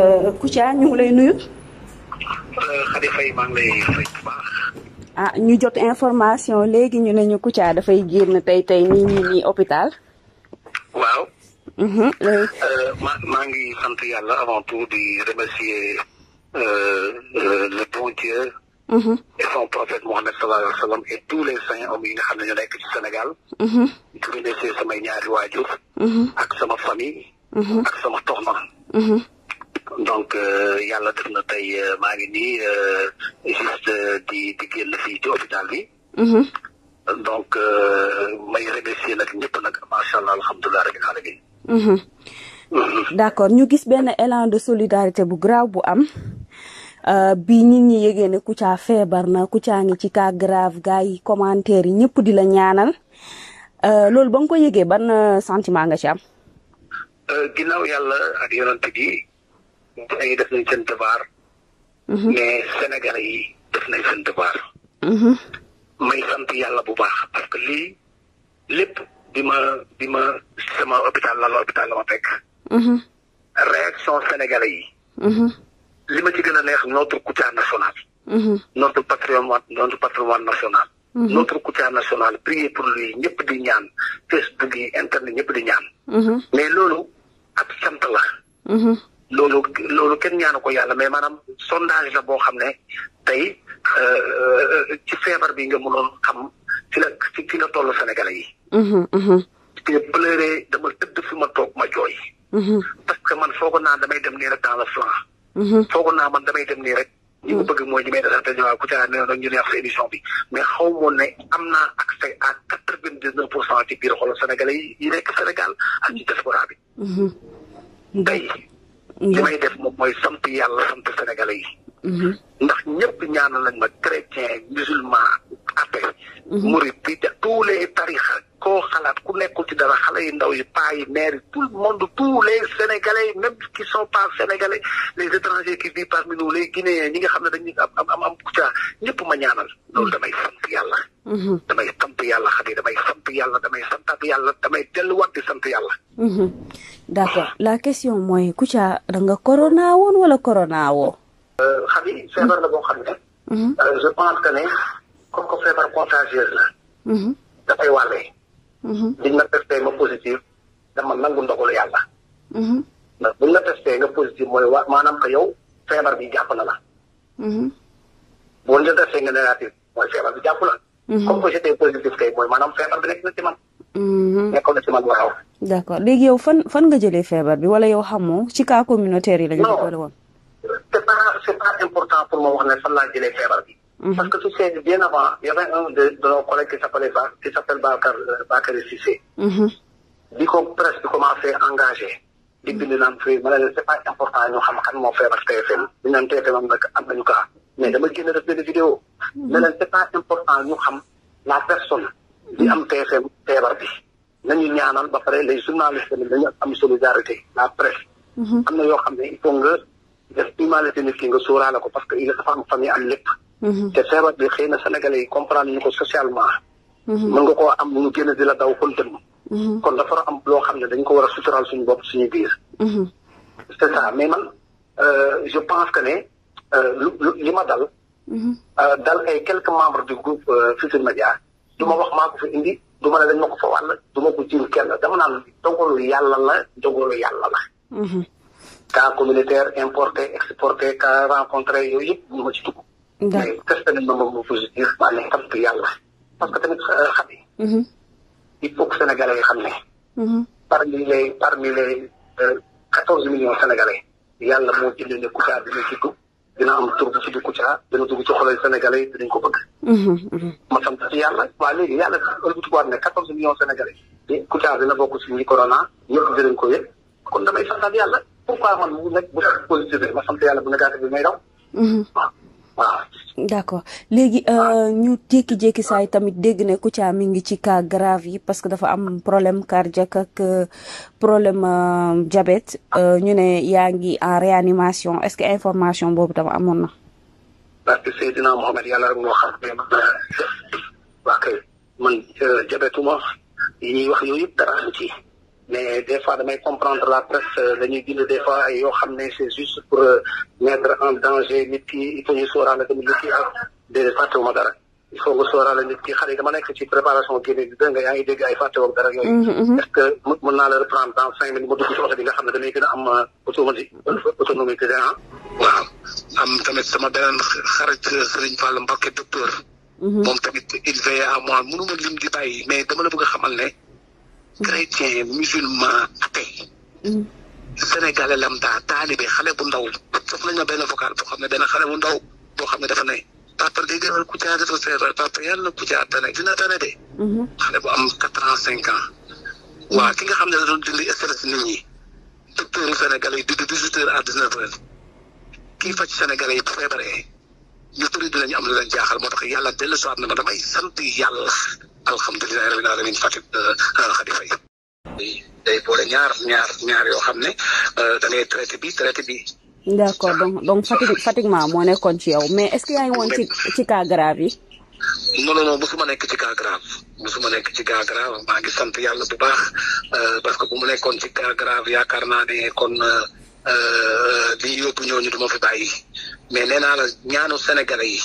Euh, Kouthia ñu ngi lay nuyu. Euh, ah ñu jot information léegi ñu ne ñu Kouthia dafay génn tey tey nii nii nii hôpital. waaw. Mhm, euh, maa ngi sant yàlla avant tout di remercier le bon Dieu. Mhm. et son prophète Mohamed sallallahu alayhi wa sallam et tous les yi nga xam ne mhm. ak sama famille. ak sama donc euh, yàlla def na tey euh, maa ngi nii euh, juste di génn fii ci hôpital bi. Mhm. donc may remercier nag ñëpp nag macha allah alhamdulilah rabbil alamin. Mhm. Mhm. d'accord ñu gis benn élan de solidarité bu graaw bu am. Uh, bi nit ñi yëgee ne Kouthia feebar na Kouthia ngi ci cas grave gars yi commentaire yi ñëpp di la ñaanal uh, loolu ba nga ko yëgee ban sentiment nga ci am. yàlla ak yonent bi dañuy def nañ seen devoir. Mhm. mais Sénégalais yi def nañ seen devoir. Mhm. may sant yàlla bu baax parce que lii lépp bi ma bi ma sama hôpital la la hôpital la ma fekk. Mhm. réaction Sénégalais yi. li ma ci gën a neex notre Kouthia national. notre patrimoine notre patrimoine national. notre Kouthia national prier pour lui ñëpp di ñaan Facebook yi internet ñëpp di ñaan. mais loolu ab sant la. loolu loolu kenn ñaanu ko yàlla mais maanaam sondage la boo xam ne tey euh, euh, ci feebar bi nga mënoon xam ci la ci ci la toll Sénégalais yi. te mhm, mhm. pleuré dama tëdd fi ma toog ma jooy. Mhm. parce que man foog na damay dem nii rek dans le flanc. foog naa man damay dem nii rek. ñi ko bëgg mooy ñi may defante ñu waa bi mais xaw moon ne am naa accès a quatre vingt dix neuf pour cent o biir xolu Sénégalais yi nekk Sénégal ak ci diaspora bi. tey. li may def moom mooy sant yàlla sant sénégalais yi. Mhm. ndax ñëpp ñaanal lañ ma chrétien musulman athée. Mhm. murit bi tous les tarixa ko xalaat ku nekkul ci dara xale yu ndaw yi paa yi maire yi tout le monde tous les sénégalais même qui sont pas sénégalais les étrangers qui vivent parmi nous les guinéens ñi nga xam ne dañuy am am am kucca ñëpp ma ñaanal loolu damay sant yàlla. Mm-hmm. damay sant yàlla xadi damay sant yàlla damay santaat yàlla damay delluwaat di sant yàlla. Mm-hmm. d'accord la question mooy Kouthia da nga corona woon wala corona woo. Euh, xadi feebar la boo xam ne. Mm-hmm. Euh, je pense que ne comme que feebar contagieuse la. dafay wàllee. liñ ma testé ma nangu ndogalu yàlla. ndax buñ la testé nga positif mooy waa feebar bi jàpp na la. boo ñu la mooy feebar bi jàpp na. comme que j'étais positif kay mooy maanaam feebar bi nekk na ci man. Mm-hmm. nekkoon na ci man waaw. d' accord léegi yow fan fan nga jëlee feebar bi wala yow xamoo ci cas communautaire yi la ñu. boole woon non c' est pas c' est pas important pour moi wax ne fan laa jëlee feebar bi. Mm-hmm. parce que tu sais bien avant y avait un de de nos collègues qui s' appelait Ba qui s' appelle Bakar Bakary Cissé. Mm-hmm. bi ko presque commencé engagé. di bind naan fii ma ne leen c' est pas important ñu xam kan moo feebar TFM ñu naan TFM am na am nañu cas. mais dama génn def benn vidéo mhm. ne leen c'est pas important ñu xam la personne bi am TFM feebar bi nañu ñaanal ba pare les journalistes ni dañu am solidarité la presse mhm. yoo xam ne il faut nga def humanité nit ki nga sóoraale ko parce que il dafa am famille am lépp mhm. te feebar bi xëy na sénégalais yi comprendre ñu ko socialement mën nga ko am ñu génn di la daw kontan kon dafa war a am loo xam ne dañ ko war a sutural suñu bopp suñu biir c'est ça mais man euh, je pense que ne Euh, lu li ma dal. Mhm. Euh, dal ay quelques membres du groupe euh, Futurs Médias du ma wax maa ko fa indi du ma ne dañ ma ko fa wàll du ma ko jiw kenn dama naan dogalu yàlla la dogalu yàlla la. Mhm. cas communautaire importé exporté cas rencontré yooyu yëpp ñu ci dugg. mais testé nañ ma moom mu positif maa ngi sant yàlla parce que tamit xam yi mhm. il faut xam ne. parmi les quatorze millions sénégalais yàlla moo jëlee ne Kouthia bi ci dugg. dina am tur bu tudd Kouthia dina dugg ci xolay sénégalais yi dinañ ko bëgg. Mhm, mhm. ma sant ci yàlla waaw léegi yàlla ëllëg ne quatorze millions sénégalais. te eh, Kouthia dina bokk ci ñi corona ñëpp dinañ ko yëg kon damay santaat yàlla pourquoi man mu nekk bu positif yàlla bu négatif bi may daw. Mhm. d' accord léegi euh, ñu jékki-jékki saay tamit dégg ne Kouthia mi ngi ci cas grave parce que dafa am problème cardiaque ak euh, problème euh, diabète ñu ne yaa ngi en réanimation est-ce que information boobu tam amoon na. mais des fois damay comprendre la presse euh, dañuy bind des yoo xam ne c'est juste pour euh, mettre en danger nit ki il faut ñu sóoraale tamit nit ki ak ah, ki xale yi dama nekk ci préparation yaa ngi dégg ay fàttewoo dara yooyu mm-hmm, mm-hmm. est-ce que mën naa la reprendre dans cinq minutes ma dugg ci oto nga xam ne damay gën a am euh, autonomie autonomie que ah waaw am tamit sama beneen xarit Serigne Fall Mbacké docteur mm-hmm. moom tamit il veille à moi mënuma lim di bàyyi mais dama la bëgg a xamal ne chrétien musulman athée mm. sénégalais lambda taalibe xale bu ndaw daf nañ ma benn vocal boo xam ne benn xale bu ndaw boo xam ne dafa ne papa day defal Kouthia dafa seetal papa yàlla na Kouthia tane dina tane de mm-hmm. xale bu am quatre ans cinq ans waa ki nga xam ne da doon dindi stress nit ñi docteur sénégalais yi di dix-huit heures à dix-neuf heures feebaree dinañ am lu leen jaaxal moo tax yàlla dellu si waat na ma damay sant yàlla alhamdulilah rabbil alamin Fatick euh, euh, Khady Faye. day boole ñaar ñaar ñaar yoo xam ne euh, da bi traité bi. d' accord donc donc Fatick Fatick maa moo nekkoon ci yow mais est ce que yaa ngi woon ci ci grave yi. non non mosuma nekk ci cas grave mosuma nekk ci cas maa ngi sant yàlla bu baax parce que bu mu nekkoon ci cas grave yaakaar naa ne kon lii yóbbu ñooñu du ma fi bàyyi. mais nee naa la ñaanu Sénégalais yi.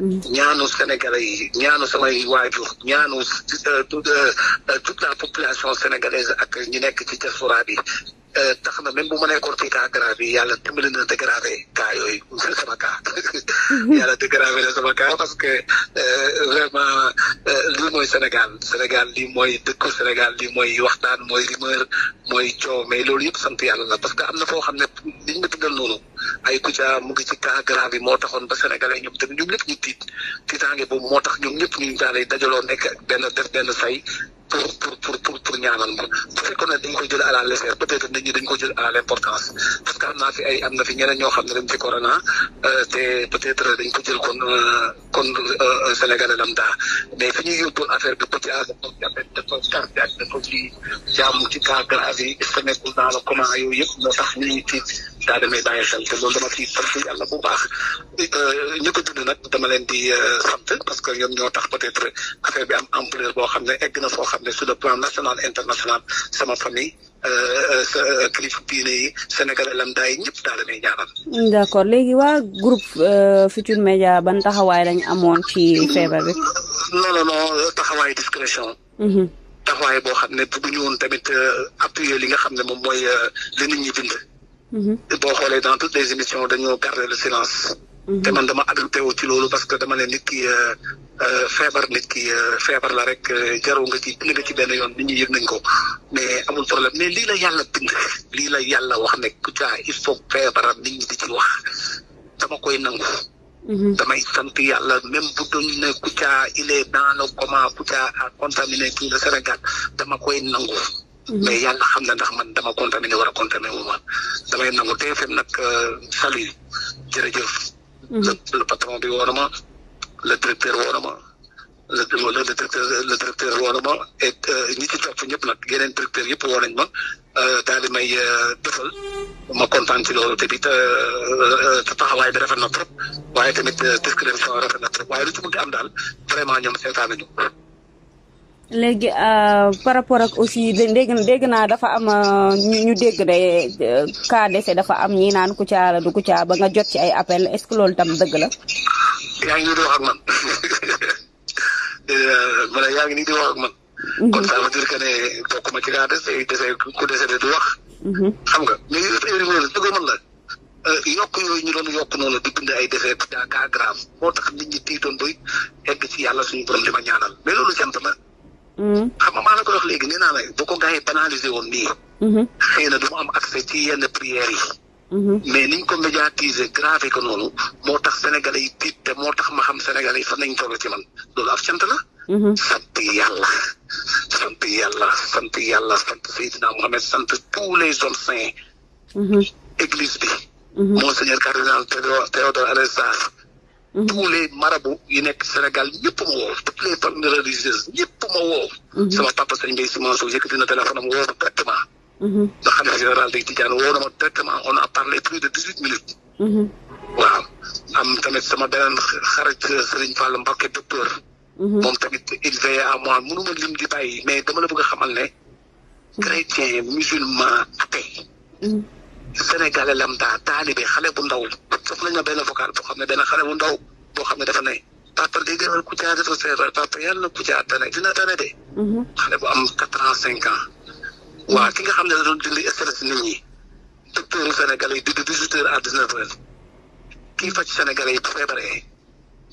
Mm. ñaanu Sénégalais yi ñaanu samay waajur ñaanu euh, euh, euh, toute la population sénégalaise ak ñi nekk ci diaspora bi. Euh, tax na même bu ma nekkoon ci cas grave yi yàlla dimbali na dégravé cas yooyu sama cas mhm. yàlla dégravé na sama parce que euh, vraiment euh, lii mooy Sénégal Sénégal lii mooy dëkku Sénégal lii mooy waxtaan mooy rumeur mooy coow mais loolu yëpp sant yàlla la parce que am na foo xam ne liñ ma dindal noonu ay Kouthia mu ngi ci cas grave yi moo taxoon ba Sénégalais ñoom tamit ñoom ñëpp ñu tiit tiitaange boobu moo tax ñoom ñëpp ñu daal di dajaloo nekk benn def benn say pour pour pour pour pour ñaanal ma bu fekkoon dañ ko jël à la légère peut-être nit ñi dañ ko jël à parce que am naa fi ay ne dañ fi corona euh, te peut-être dañ ko jël kon euh, kon euh, Sénégalais lambda mais fi ñuy pour affaire bi petit à petit dafa cardiaque dafa ci jàmm na cas grave yi est-ce yooyu yëpp tax ñu ngi daa demee bàyyi xel te loolu dama ciy sant yàlla bu baax euh, ñu ko bind nag dama leen di euh, sant parce que ñoom ñoo tax peut-être affaire bi am ampleur boo xam ne egg na foo xam ne sur le plan national international sama famille euh, sa kilifa diine yi Sénégalais lambda yi ñëpp daal damay d'accord léegi waa groupe Futur Media ban taxawaay lañ amoon ci feebar bi. non non non taxawaay discrétion. Mhm. taxawaay boo xam ne bëgguñu woon tamit appuyer li xam ne moom mooy li nit ñi Mm-hmm. boo xoolee dans toutes les émissions dañoo garder le silence. Mm-hmm. te man dama adapté wu ci loolu parce que dama ne nit ki euh, euh, feebar nit ki euh, feebar la rek jarul nga ci nga ci benn yoon nit ñi yëg nañ ko mais amul problème mais lii la yàlla bind lii la yàlla wax ne Kouthia il faut feebaram nit ñi di ci wax dama koy nangu. Mm-hmm. damay sant yàlla même bu doon ne Kouthia il est dans le coma Kouthia a contaminé tout le Sénégal dama koy nangu. mais yàlla xam na ndax man dama kontaan ni war a kontaan wu ma damay nangu TFM nag euh, salut jërëjëf. Mm-hmm. le patron bi woo na ma le directeur woo na ma le le directeur le directeur woo ma et euh, ñi ci topp ñëpp nag yeneen yëpp woo nañ ma euh, daal di may defal ma kontaan ci loolu tamit taxawaay bi rafet na trop waaye tamit discrétion rafet na trop waaye lu am daal vraiment ñoom seetaan nañu. léegi a euh, par rapport ak aussi dégg dégg naa dafa am euh, ñu dégg de cas décès dafa am ñi naan Kouthia la du Kouthia ba nga jot ci ay appel est-ce loolu tam dëgg la. yaa ngi nii wax ak man yaa ngi nii di wax ak man. Mhm. kon ça veut dire que ci cas décès décès ku décédé du mhm. xam nga mais yooyu yëpp yooyu dëgg man la. Euh, yokk yooyu ñu doon yokk noonu di bind ay defee daa kaa moo tax nit ñi tiitoon bay egg ci yàlla suñu borom di ma ñaanal mais loolu Hmm. xam nga maa la koy wax léegi nee naa la bu ko gars yi banalisé woon nii. Hmm. na du mu am accès ci yenn prières yi. Hmm. mais niñ ko médiatiser gravé ko noonu moo tax sénégalais yi tiit te moo tax ma xam sénégalais yi fan nañ toll ci man loolu af cant la. sant yàlla sant yàlla sant yàlla sant Seydina Mohamed sant tous les hommes saints. église bi. monseigneur cardinal Théodore Adrien Sarr. Mm-hmm. tous les marabouts yi nekk Sénégal ñëpp ma woo toutes les familles religieuses ñëpp ma woo. Mm-hmm. sama papa sëñ Mbaye Sy Mansour yëkkati na téléphone am woo ma directement. ndax mm-hmm. xalifa général day Tidiane woo na ma directement on a parlé plus de dix huit minutes. waaw am tamit sama beneen xarit Serigne Fall Mbacké docteur. moom tamit il veille à moi mënu ma di bàyyi mais dama la bëgg a xamal ne. chrétien musulman athée. Sénégalais lambda taalibe xale bu ndaw def nañ ma benn vocal boo xam ne benn xale bu ndaw boo xam ne dafa ne papa day defal Kouthia dafa seetal papa yàlla na Kouthia tane dina tane de. Mhm. xale bu am quatre ans cinq ans. waa ki nga xam ne da doon dindi stress docteur Sénégalais yi de dix-huit heures à dix-neuf heures kii faj Sénégalais yi bu feebaree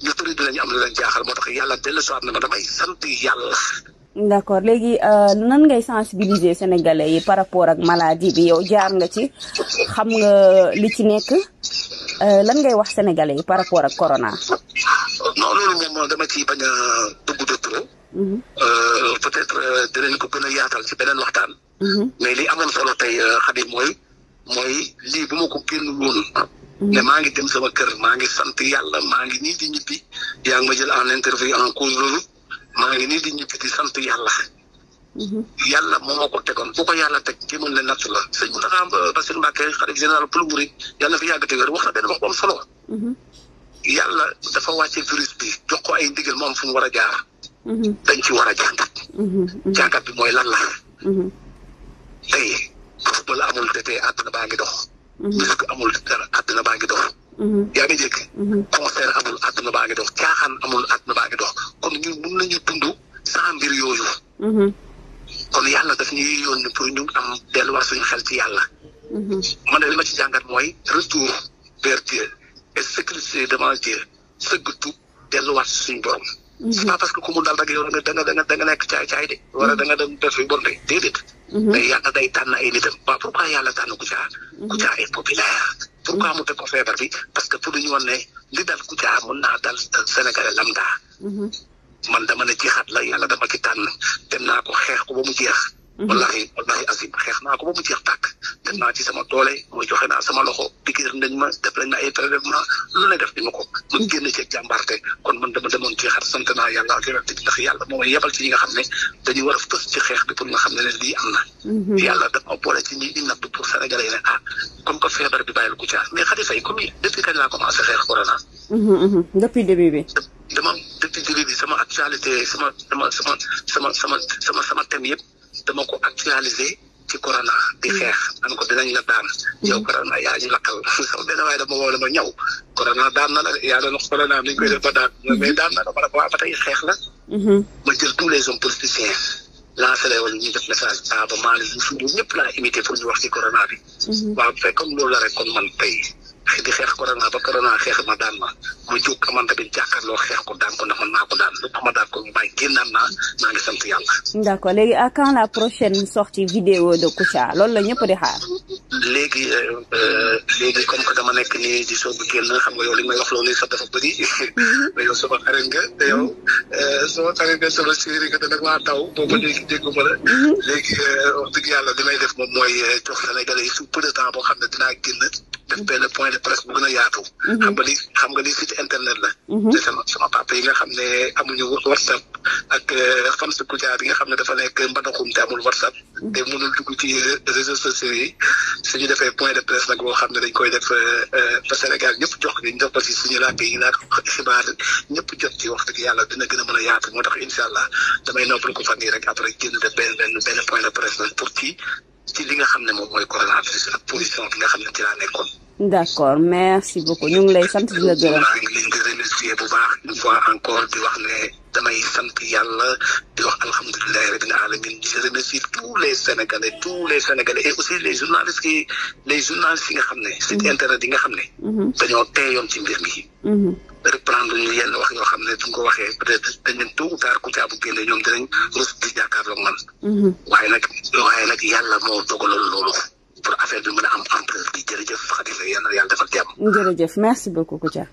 ñu bëri dinañ am na leen jaaxal moo tax yàlla dellusiwaat na ma damay sant yàlla. d'accord léegi euh, nan ngay sensibiliser sénégalais yi par rapport ak maladie bi yow jaar nga ci xam nga li ci nekk euh, lan ngay wax sénégalais yi par rapport ak corona. non loolu moom dama ci bañ a dugg de trop. Mhm. Euh, peut-être dinañ ko gën a yaatal ci beneen waxtaan. Mhm. mais li amoon solo tey Khady mooy mooy lii bu ma ko génn lu mhm. ne maa ngi dem sama kër maa ngi sant yàlla maa ngi nii di ñibbi. yaa ngi ma jël en interview en cause loolu. maa ngi nii di ñibbi di sant yàlla. Mhm. yàlla moom moo ko tegoon bu ko yàlla teg ki mën la natt la sëñ bi dafa am Bassirou Mbacké xarit général pour murid yàlla fi yàgg te wér wax na benn wax bu mhm. dafa wàcce virus bi jox ko ay ndigal moom fu mu war a jaar. Mhm. dañ ci war a jàngat. jàngat bi mooy lan la. tey bala amul te tey àdduna baa ngi dox. bis amul dara àdduna baa ngi dox. Mm-hmm. yaa ngi dégg. Mm-hmm. concert amul àdduna baa ngi dox caaxaan amul àdduna baa ngi dox kon ñun mun nañu dund sans mbir yooyu. Mm-hmm. kon yàlla daf ñuy yónni pour ñu am delluwaat suñ xel ci yàlla. man de ma ci jàngat mooy retour vers Dieu et sécurité devant Dieu sëggatu delluwaat suñu borom. c'est da nga da nga da nga nekk caay caay de. wala da nga dem def yu bon de déedéet. yàlla day tànn ay nitam waaw pourquoi yàlla tànn Kouthia. Kouthia est populaire. pourquoi mu teg ko feebar bi parce que pour ñu woon ne li dal Kouthia mën naa dal Sénégalais lambda. Mhm. man dama ne ci xat la yàlla dama ci tànn dem naa ko xeex ko ba mu jeex. Mhm. wallahi wallahi xeex naa ko ba mu jeex tàkk def naa ci sama doole mooy joxe naa sama loxo piqûre nañ ma def nañ ma ay prélèvement lu ne def ni ma ko man génn ci jàmbaarte kon man dama demoon ci xar sant yàlla ak ndax yàlla moo may yebal ci ñi nga xam ne dañuy war a fës ci xeex bi pour nga xam ne ne am na mhm. yàlla dama boole ci ñi di natt pour Sénégalais yi ne ah comme que feebar bi bàyyil Kouthia mais Khady Faye comme depuis kañ laa commencé xeex corona mhm, depuis début bi dama depuis début bi sama actualité sama sama sama sama sama sama thème yëpp dama ko actualisé ci corona di mm. xeex man ko dinañ la daan mm. yow corona yaa ñu lakkal sama benn waaye dama woo la ma ñëw corona daan na la yaa doon wax corona ni ñu koy def ba daan mm-hmm. mais daan na la ma ne ko waa ba tey xeex la mm-hmm. ma jël tous les hommes politiciens lancé la wala ñu def message ba Malick Youssou ñëpp laa imité pour ñu wax ci corona bi mm-hmm. waaw fekk comme loolu la rek kon man tey di xeex corona ba corona xeex ma daan ma ma jóg man tamit jàkkaarloo xeex ko daan ko na man maa ko daan lu tax ma daan ko bàyyi génnaan naa maa ngi sant yàlla. d' accord léegi à quand la prochaine sortie vidéo de Kouthia loolu la ñëpp de xaar. léegi euh, euh, léegi comme que dama nekk nii di soog a génn xam nga yow li may wax loolu sax dafa bëri mhm. yow sama xarit nga te yow euh, sama xarit taw boobu mhm. léegi dégguma la. Mhm. léegi wax dëgg yàlla li may def moom mooy jox Sénégalais yi su peu de boo xam ne dinaa génn. def benn point de presse bu gën yaatu. Mhm. xam nga li xam internet la. Mhm. te sama yi nga xam ne amuñu whatsapp ak euh, fan si Koudia bi nga xam ne dafa nekk mbadaxum te amul whatsapp. Mhm. te mënul dugg ci euh, réseaux sociaux yi defee point de presse boo xam ne dañ koy def euh, ba Sénégal ñëpp jox ko ñu jox yi laaj ñëpp jot ci wax dëgg yàlla dina gën a mën a yaatu moo tax incha allah damay noppal ko fan yii rek après génn benn benn benn point de presse nag pour ci li nga xam ne moom mooy coronavirus ak position bi nga xam ne ci laa nekkoon. d' accord merci beaucoup ñu ngi lay sant di la gërëm. maa ngi leen di remercier bu baax une fois encore di wax ne damay sant yàlla di wax alhamdulilahi rabbil alamin je remercie tous les sénégalais tous les sénégalais et aussi les journalistes qui les journalistes yi nga xam ne. site mhm. internet nga xam ne. Mhm. dañoo teeyoon ci mbir mi. Mm-hmm. reprendre ñu yenn wax yoo xam ne duñ ko waxee peut être dañu tôt ou tard ku caabu génne ñoom dinañ rus di jàkkaarloog man. Mm-hmm. waaye nag waaye nag yàlla moo dogaloon loolu pour affaire bi mën a am ampleur bi jërëjëf Khady Faye yal na yàlla defal jàmm. jërëjëf merci beaucoup Kouthia.